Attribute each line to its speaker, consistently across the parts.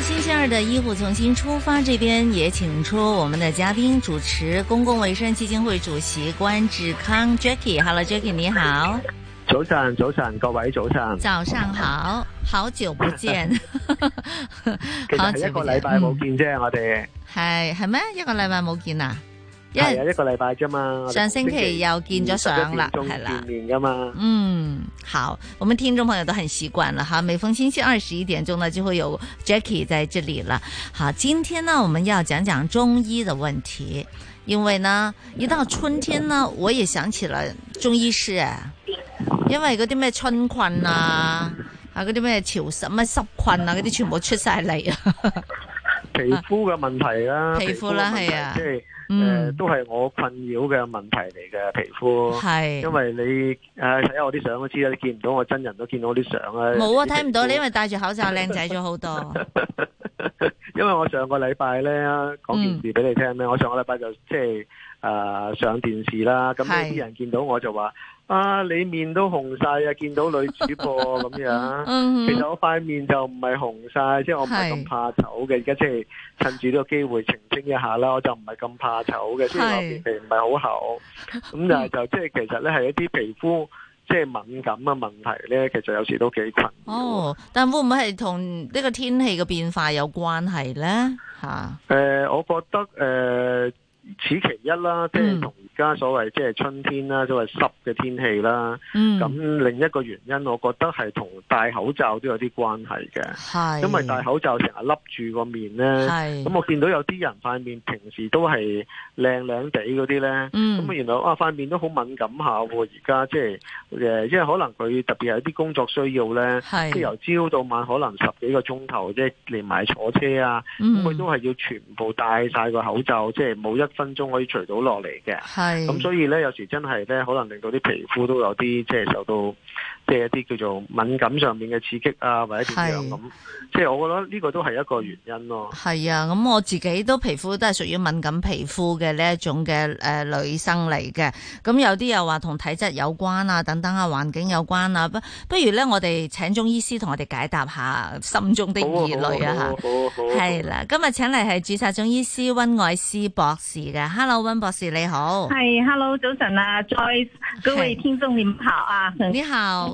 Speaker 1: 星期二的
Speaker 2: 《醫護重新出發》，這邊也請出我們的嘉賓，主持公共衛生基金會主席關志康 j a c k e h e l l o j a c k i e 你好。
Speaker 1: 早晨，早晨，各位早晨。早
Speaker 2: 上好，好久不見， 好久不見沒見。一個
Speaker 1: 禮拜冇見啫、嗯，我哋
Speaker 2: 係係咩？一個禮拜冇見啊？因為又
Speaker 1: 了了、啊、一個禮拜啫嘛，上星期又見咗相啦，係啦。嗯，好，
Speaker 2: 我們聽眾朋友都係習慣啦吓，每逢星期二十一點鐘呢就會有 Jackie 在這裏啦。好，今天呢我們要講講中醫的問題，因為呢一到春天呢，我也想起了中醫師，因為嗰啲咩春困啊，啊嗰啲咩潮濕咩濕困啊，嗰啲全部出晒嚟。哈哈
Speaker 1: 皮膚嘅問題啦、啊，皮膚啦係啊，即係誒都係我困擾嘅問題嚟嘅皮膚，係因為你誒睇下我啲相都知啦，你見唔到我真人，都見到我啲相啊，冇啊睇唔到你，因為
Speaker 2: 戴住口罩靚仔咗好多，
Speaker 1: 因為我上個禮拜咧講件事俾你聽咧、嗯，我上個禮拜就即係。就係誒，上電視啦，咁啲人見到我就話：啊，你面都紅晒啊！見到女主播咁 樣。其實我塊面 就唔係紅晒，即係我唔係咁怕醜嘅。而家即係趁住呢個機會澄清一下啦，我就唔係咁怕醜嘅，即係話面皮唔係好厚。咁但係就即係、嗯、其實咧，係一啲皮膚即係敏感嘅問題咧。其實有時都幾困
Speaker 2: 哦，但會唔會係同呢個天氣嘅變化有關係咧？
Speaker 1: 吓、啊，誒、呃，我覺得誒。呃此其一啦，即係同而家所謂即係春天啦、嗯，所謂濕嘅天氣啦。咁、嗯、另一個原因，我覺得係同戴口罩都有啲關係嘅。係，因為戴口罩成日笠住個面咧。係，咁我見到有啲人塊面平時都係靚靚地嗰啲咧。咁、嗯、啊原來哇塊面都好敏感下喎。而家即係誒，因為可能佢特別係啲工作需要咧。即係由朝到晚可能十幾個鐘頭，即係連埋坐車啊。咁、嗯、佢都係要全部戴晒個口罩，嗯、即係冇一分鐘可以除到落嚟嘅，咁所以咧，有時真係咧，可能令到啲皮膚都有啲，即係受到。 即、就、係、是、一啲叫做敏感上面嘅刺激啊，或者點樣咁，即係我覺得呢個都係一個原因咯
Speaker 2: 係啊，咁我自己都皮膚都係屬於敏感皮膚嘅呢一種嘅誒、呃、女生嚟嘅。咁有啲又話同體質有關啊，等等啊，環境有關啊。不不如咧，我哋請中醫師同我哋解答下心中的疑慮啊。好啊好、啊、好、啊。係、啊啊啊啊、啦，今日請嚟係註冊中醫師溫愛詩博士嘅。Hello，溫博士你好。係、
Speaker 3: hey,，Hello，早晨啊，
Speaker 2: 再各位聽眾你炮啊，你好。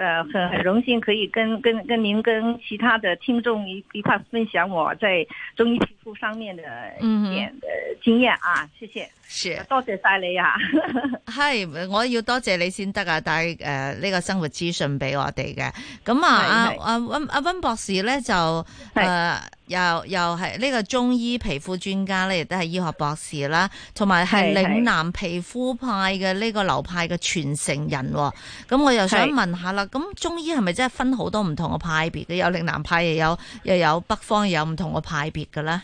Speaker 3: 誒、呃，很很榮幸可以跟跟跟您跟其他的聽眾一一塊分享我在中醫皮膚上面的一點誒經驗啊，mm-hmm. 謝謝，多、sure. 謝晒你啊，
Speaker 2: 係、hey,，我要多謝你先得啊，帶誒呢個生活資訊俾我哋嘅，咁啊阿阿溫阿溫博士咧就誒、uh, 又又係呢個中醫皮膚專家咧，亦都係醫學博士啦，同埋係嶺南皮膚派嘅呢個流派嘅傳承人，哦，咁我又想問下啦。咁中醫係咪真係分好多唔同嘅派別嘅？有嶺南派，又有又有北方，有唔同嘅派別嘅咧。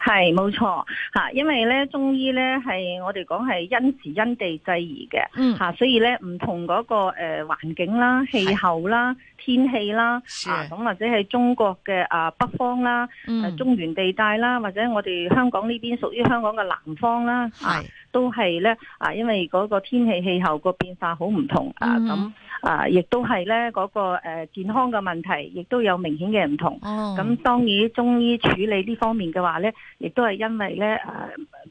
Speaker 2: 係，冇錯
Speaker 3: 吓，因為咧中醫咧係我哋講係因時因地制宜嘅，吓、嗯，所以咧唔同嗰個誒環境啦、氣候啦、天氣啦，咁或者係中國嘅啊北方啦、嗯，中原地帶啦，或者我哋香港呢邊屬於香港嘅南方啦，係。都係咧、mm-hmm. 啊，因為嗰個天氣氣候個變化好唔同啊，咁啊，亦都係咧嗰個誒健康嘅問題，亦都有明顯嘅唔同。咁、mm-hmm. 啊、當然中醫處理呢方面嘅話咧，亦都係因為咧誒。啊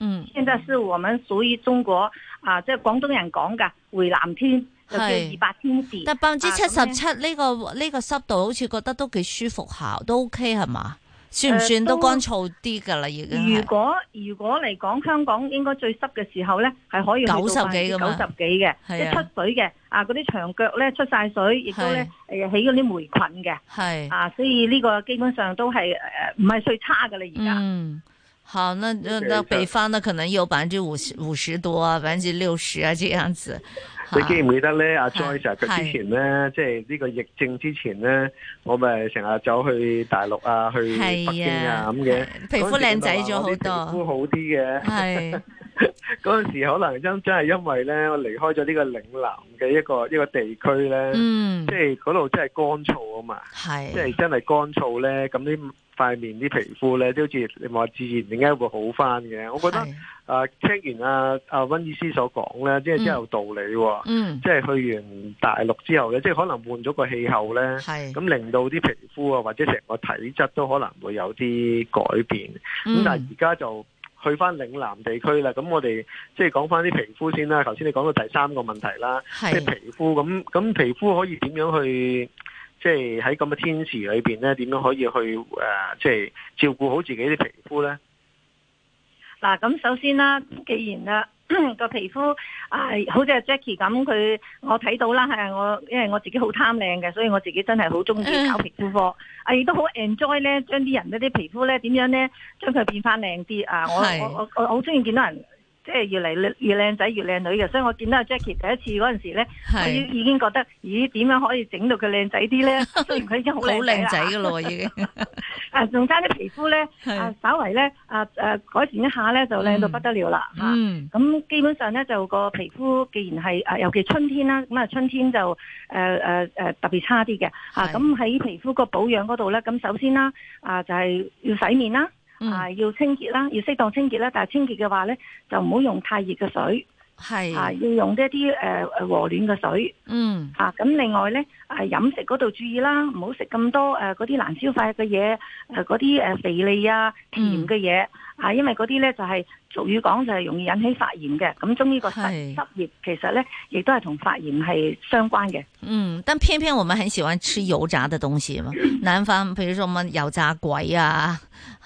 Speaker 3: 嗯，現在是我們屬於中國
Speaker 2: 啊，即係廣東人講嘅回南天，就叫二八
Speaker 3: 天時。但百分之七十七
Speaker 2: 呢個呢、啊這個濕度，好似覺得都幾舒服下，都 OK 係嘛？算唔算都乾燥啲噶啦？已、呃、經。如果如果嚟講，香港應該最濕嘅時
Speaker 3: 候咧，係可以九十幾、九十幾嘅，即係出水嘅啊，嗰啲牆腳咧出晒水，亦都咧誒起嗰啲霉菌嘅。係啊，所以呢個基本上都係誒唔係最差噶啦，而家。嗯
Speaker 2: 好，那那、okay, 那北方呢，可能有百分之五十五十多，啊，百分之六十啊，這樣子。
Speaker 1: 你記唔記得咧？阿 Joy 就佢之前咧，即係呢個疫症之前咧，我咪成日走去大陸啊，去北京啊咁嘅。啊、皮膚靚仔咗好多。皮膚好啲嘅。係。嗰陣時可能因真係因為咧，我離開咗呢個嶺南嘅一個一、這個地區咧、嗯，即係嗰度真係乾燥啊嘛。係。即係真係乾燥咧，咁啲。塊面啲皮膚咧都好似你話，自然點解會好翻嘅？我覺得啊、呃，聽完阿阿温醫師所講咧，真係真有道理喎、哦。嗯，即係去完大陸之後咧，即係可能換咗個氣候咧，咁令到啲皮膚啊，或者成個體質都可能會有啲改變。
Speaker 2: 咁、嗯、但係
Speaker 1: 而家就去翻嶺南地區啦。咁我哋即係講翻啲皮膚先啦。頭先你講到第三個問題啦，即係皮膚咁咁皮膚可以點樣去？即係喺咁嘅天時裏邊咧，點樣可以去誒、啊，即係照顧好自己啲皮膚咧？
Speaker 3: 嗱，咁首先啦，既然啦個皮膚係、哎、好似阿 Jackie 咁，佢我睇到啦，係我因為我自己好貪靚嘅，所以我自己真係好中意搞皮膚科，啊、嗯，亦都好 enjoy 咧，將啲人嗰啲皮膚咧，樣呢點樣咧，將佢變翻靚啲啊！我我我我好中意見到人。即係越嚟越靚仔越靚女嘅，所以我見到阿 Jackie 第一次嗰陣時咧，佢已經覺得，咦，點樣可以整到佢靚仔啲咧？ 雖然佢已經好靚仔噶啦，已 經俊，啊， 仲差啲皮膚咧，啊，稍微咧，啊，誒，改善一下咧，就靚到不得了啦。咁、嗯啊、基本上咧，就個皮膚既然係、啊，尤其春天啦，咁啊，春天就誒誒誒特別差啲嘅。啊，咁、啊、喺、啊啊、皮膚個保養嗰度咧，咁首先啦，啊，就係、是、要洗面啦。嗯、啊，要清潔啦，要適當清潔啦。但係清潔嘅話咧，就唔好用太熱嘅水，係啊，要用一啲誒誒和暖嘅水。嗯，啊，咁另外咧，啊飲食嗰度注意啦，唔好食咁多誒嗰啲難消化嘅嘢，誒嗰啲誒肥膩啊甜嘅嘢，嗯，啊，因為嗰啲咧就係、是，俗語講就係容易引起發炎嘅。咁中醫個
Speaker 2: 濕濕熱其實咧亦都係同發炎係相關嘅。嗯，但偏偏我們很喜歡吃油炸的東西嘛， 南方，譬如說我們油炸鬼啊。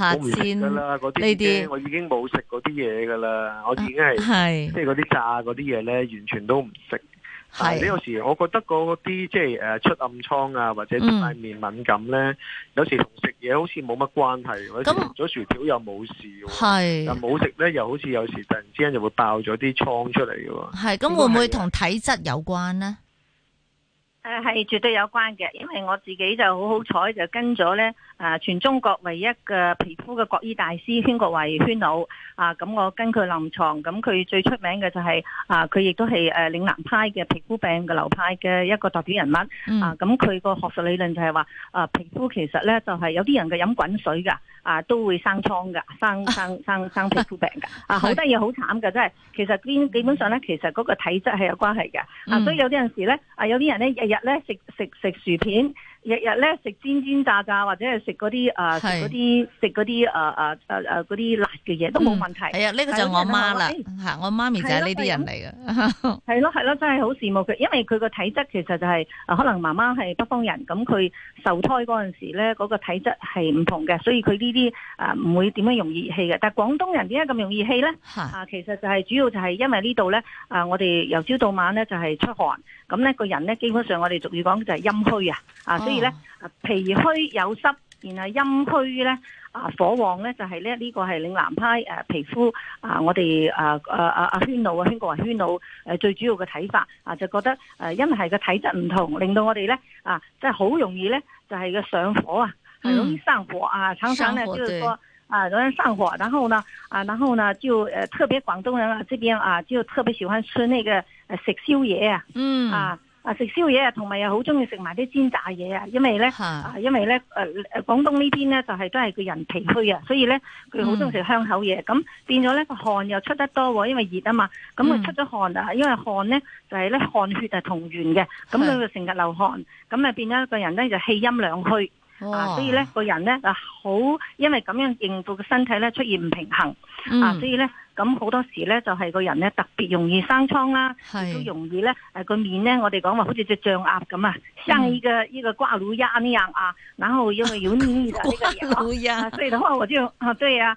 Speaker 2: 我唔食噶啦，嗰啲嘢我
Speaker 1: 已經冇食嗰啲嘢噶啦，我已經係、嗯、即係嗰啲炸嗰啲嘢咧，完全都唔食。
Speaker 2: 係呢，有時
Speaker 1: 我覺得嗰啲即係出暗瘡啊，或者塊面敏感咧、嗯，有時同食嘢好似冇乜關係，或者食咗薯條又冇事。喎、嗯。但冇食咧，又好似有時突然之間就會爆咗啲瘡出嚟嘅喎。係，咁會唔會
Speaker 2: 同體質有關咧？誒，係絕對有
Speaker 3: 關嘅，因為我自己就好好彩，就跟咗呢，誒，全中國唯一嘅皮膚嘅國醫大師禤國維禤老啊，咁我跟佢臨床，咁、啊、佢最出名嘅就係、是、啊，佢亦都係誒嶺南派嘅皮膚病嘅流派嘅一個代表人物、嗯、啊，咁佢個學術理論就係話啊，皮膚其實呢就係有啲人嘅飲滾水噶啊，都會生瘡噶，生生生生皮膚病噶啊，好得意，好慘噶，真係，其實基本上呢其實嗰個體質係有關係嘅、嗯、啊，所以有啲陣時呢啊，有啲人呢日日。咧食食食薯片。6, 6, 6, 日日咧食煎煎炸炸，或者係食嗰啲誒食嗰啲食嗰啲誒誒誒誒嗰啲辣嘅嘢都冇問題。係、嗯、啊，呢、這個就我媽啦嚇，我媽咪就係呢啲人
Speaker 2: 嚟嘅。
Speaker 3: 係咯係咯，真係好羨慕佢，因為佢個體質其實就係、是、可能媽媽係北方人，咁佢受胎嗰陣時咧嗰、那個體質係唔同嘅，所以佢呢啲啊唔會點樣容易熱氣嘅。但係廣東人點解咁容易熱氣咧？啊，其實就係主要就係因為呢度咧啊，我哋由朝到晚咧就係出汗，咁、那、咧個人咧基本上我哋俗語講就係陰虛啊啊！所以咧，啊脾虛有濕，然後陰虛咧，啊火旺咧，就係、是、咧呢、這個係嶺南派誒、啊、皮膚啊，我哋啊啊啊阿禤老啊禤國啊禤老誒最主要嘅睇法啊，就覺得誒、啊、因為係個體質唔同，令到我哋咧啊，即係好容易咧，就係、是、個上火啊，嗯、容易上火啊，常常咧就是啊容易上火，然後呢啊，然後呢就誒、呃、特別廣東人邊啊，這邊啊就特別喜歡吃那個食宵夜啊，嗯啊。啊！食宵夜啊，同埋又好中意食埋啲煎炸嘢啊，因為咧，因為咧，誒誒，廣東呢邊咧就係、是、都係個人脾虛啊，所以咧佢好中意食香口嘢，咁變咗咧個汗又出得多喎，因為熱啊嘛，咁佢出咗汗啊，因為汗咧就係、是、咧汗血係同源嘅，咁佢就成日流汗，咁啊變咗一個人咧就氣陰兩虛啊，所以咧個人咧就好，因為咁樣應付個身體咧出現唔平衡、嗯、啊，所以咧。咁、嗯、好多時咧，就係個人咧特別容易生瘡啦，亦都容易咧誒、呃嗯、個面咧。我哋講話好似隻醬鴨咁啊，生依個呢個掛爐鴨呢樣啊，然後因為油膩啊呢個油、 啊所啊所，所以我就啊對啊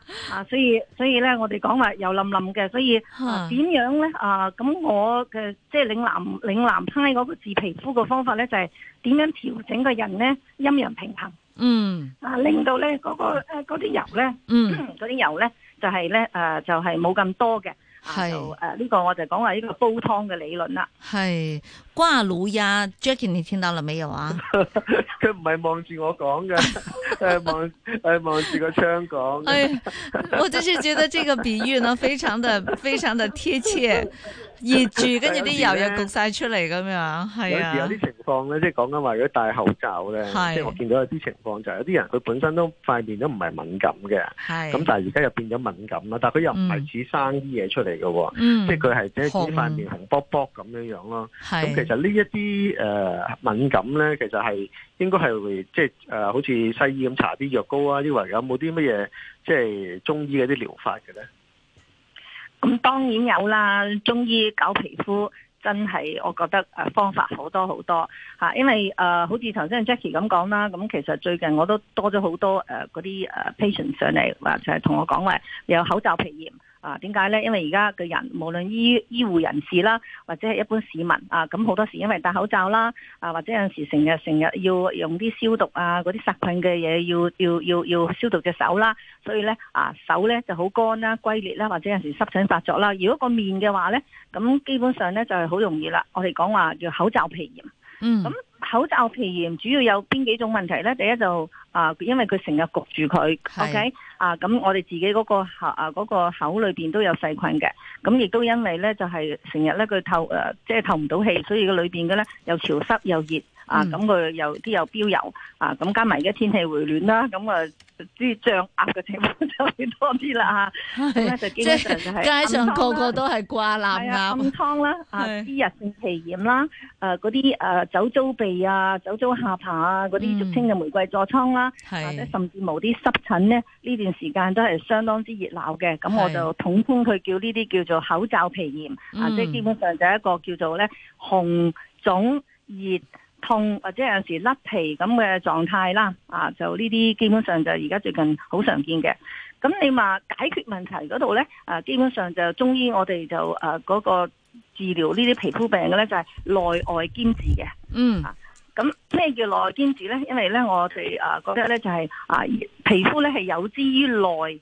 Speaker 3: 所以所以咧我哋講話油淋淋嘅，所以點樣咧啊？咁、啊啊、我嘅即係嶺南嶺南派嗰個治皮膚嘅方法咧，就係、是、點樣調整個人咧陰陽平衡，嗯啊，令到咧嗰、那個誒嗰啲油咧，嗯嗰啲、嗯、油咧。就係、是、咧、呃，就係冇咁多嘅，就、啊、呢、啊這個我就講
Speaker 2: 話，呢個煲湯嘅理論啦。係。瓜佬呀，Jackie，你聽到了未？有啊？
Speaker 1: 佢唔係望住我講嘅，係望係望住個窗講、 哎。
Speaker 2: 我就是覺得這個比喻呢，非常的 非常的貼切，熱 住跟住啲油又焗晒出嚟咁樣，係啊。有啲情
Speaker 1: 況咧，即係講緊話如果戴口罩咧，即係我見到有啲情況就係、是、有啲人佢本身都塊面都唔係敏感嘅，咁但係而家又變咗敏感啦，但係佢又唔係似生啲嘢出嚟嘅、嗯，即係佢係即係塊面紅卜卜咁樣樣咯。其實呢一啲誒敏感咧，其實係應該係會即係誒、呃，好似西醫咁搽啲藥膏啊，抑或有冇啲乜嘢即係中醫嗰啲療法嘅咧？
Speaker 3: 咁當然有啦，中醫搞皮膚真係我覺得誒方法好多好多嚇，因為誒、呃、好似頭先 Jackie 咁講啦，咁其實最近我都多咗好多誒嗰啲誒 patient 上嚟話就係、是、同我講話有口罩皮炎。啊，點解呢？因為而家嘅人，無論醫醫護人士啦，或者係一般市民啊，咁好多時因為戴口罩啦，啊或者有陣時成日成日要用啲消毒啊，嗰啲殺菌嘅嘢，要要要要消毒隻手啦，所以呢，啊手呢就好乾啦、龜裂啦，或者有陣時濕疹發作啦。如果個面嘅話呢，咁基本上呢就係、是、好容易啦。我哋講話叫口罩皮炎。嗯，咁口罩皮炎主要有邊幾種問題咧？第一就啊、是呃，因為佢成日焗住佢，OK？呃那個、啊，咁我哋自己嗰個口啊，嗰個口裏邊都有細菌嘅，咁亦都因為咧就係成日咧佢透誒，即、呃、係、就是、透唔到氣，所以個裏邊嘅咧又潮濕又熱。嗯、啊，咁佢又啲有標油，啊，咁加埋而家天氣回暖啦，咁啊啲漲壓嘅情況就會
Speaker 2: 多啲啦嚇。咁咧就基本上就係街上個個都係掛藍鴨，
Speaker 3: 暗瘡啦，啲、啊、日性皮炎啦，誒嗰啲誒酒糟鼻啊、酒糟下巴啊嗰啲俗稱嘅玫瑰痤瘡啦，或者、啊、甚至冇啲濕疹咧，呢段時間都係相當之熱鬧嘅。咁我就統稱佢叫呢啲叫做口罩皮炎，啊，即、嗯、係、啊、基本上就係一個叫做咧紅腫熱。痛或者有時甩皮咁嘅狀態啦，啊，就呢啲基本上就而家最近好常見嘅。咁你話解決問題嗰度呢，基本上就中醫我哋就嗰、啊嗰個治療呢啲皮膚病嘅呢，就係、係、內外兼治嘅。嗯、啊，咁咩叫內外兼治呢？因為呢，我哋覺得呢，就係、係、啊皮膚呢係有之於內。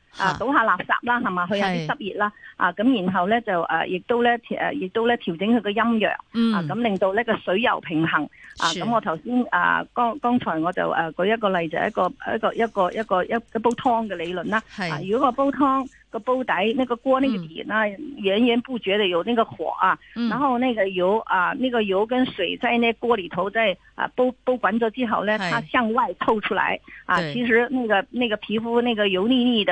Speaker 3: 啊，倒下垃圾啦，係嘛，去下啲濕熱啦，啊，咁然後咧就誒，亦、啊、都咧誒，亦都咧調整佢個陰陽，嗯、啊，咁令到呢個水油平衡，啊，咁我頭先啊，剛剛才我就誒舉一個例子，就一個一個一個一個一個一個煲湯嘅理論啦。係、啊，如果我煲湯、這個煲底，呢、那個鍋呢個底，那源源不絕地有呢個火啊，嗯、然後呢個油啊，那個油跟水在呢鍋裏頭在啊煲煲滾咗之後咧，它向外透出來，啊，其實那個那個皮膚那個油膩膩的。